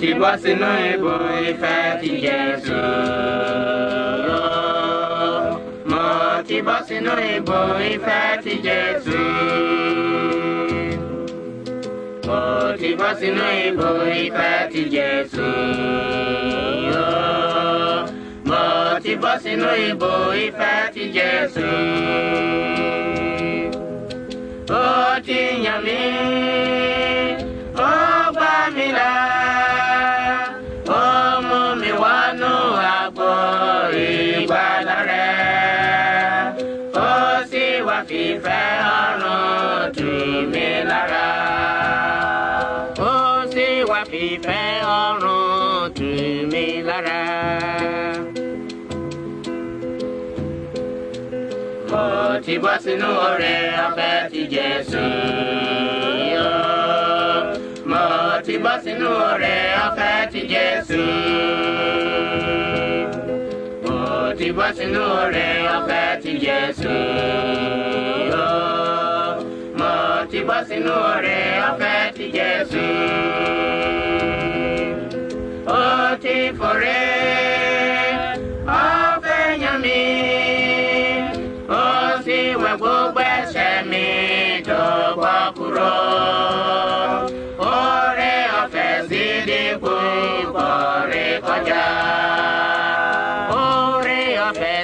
ti bo si nu ibu jesu mo ti bo si nu jesu mo ti bo si nu jesu mo ti bo si nu jesu o ti nyami. fífẹ́ ọ̀run tù mí lára. Ó sì wá fífẹ́ ọ̀run tù mí lára. Mo ti bọ́ sínú oore ọ̀fẹ́ ti Jésù. Mo ti bọ́ sínú oore ọ̀fẹ́ ti Jésù ti bọ́ sínú rẹ̀ ọ̀fẹ́ ti Jésù. sínú afeti Jesu, ti Jésù. Ó ti fòrè ọ̀fẹ́ yàn mí, ó sì wẹ̀ gbogbo ẹ̀ṣẹ̀ mi dọ̀gbọ́ kúrò. Oore ọ̀fẹ́ sí dípò ìkórè kọjá. Oore ọ̀fẹ́